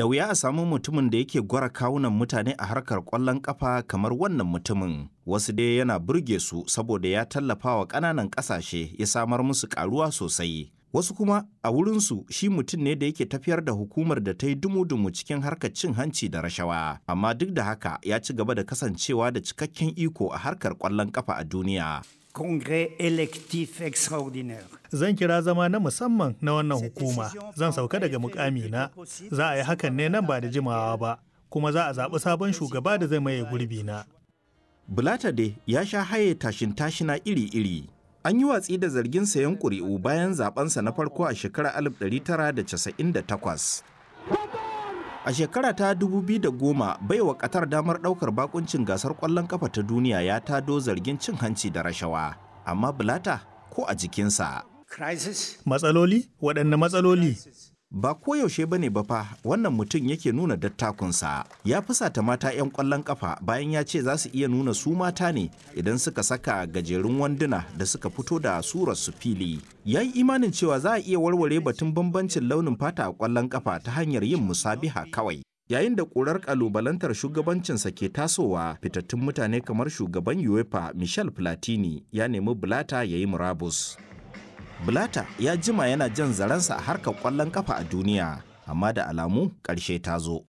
da wuya a samu mutumin da yake gwara kawunan mutane a harkar kwallon kafa kamar wannan mutumin wasu dai yana burge su saboda ya tallafa wa ƙananan ƙasashe ya samar musu ƙaruwa sosai wasu kuma a wurinsu shi mutum ne da yake tafiyar da hukumar da ta yi dumu-dumu cikin harkar cin hanci da rashawa amma duk da haka ya ci gaba da kasancewa da cikakken iko a harkar ƙwallon kafa a duniya congrès électif extraordinaire. Zan kira zama na musamman na wannan hukuma, zan sauka daga mukami na, za a yi hakan ne nan ba da jimawa ba, kuma za a zaɓi sabon shugaba da zai maye gurbi na. Bulatade ya sha haye tashin tashina iri-iri. An yi watsi da zargin sayan ƙuri'u bayan zaɓensa na farko a shekarar 1998. A shekara ta bai wa Qatar damar ɗaukar bakuncin gasar ƙwallon ƙafa ta duniya ya tado zargin cin hanci da rashawa, amma Bulata ko a jikinsa. Matsaloli? Waɗanne matsaloli? ba koyaushe ba ne ba fa wannan mutum yake nuna dattakunsa ya fusata mata 'yan kwallon kafa bayan ya ce za su iya nuna su mata ne idan suka saka gajerun wanduna da suka fito da surar su fili ya yi imanin cewa za a iya warware batun bambancin launin fata a kwallon kafa ta hanyar yin musabiha kawai yayin da ƙurar ƙalubalantar shugabancinsa ke tasowa fitattun mutane kamar shugaban uefa michel platini ya nemi bulata ya yi murabus blatter ya jima yana jan zaransa a harkar ƙwallon kafa a duniya, amma da alamu ƙarshe ta zo.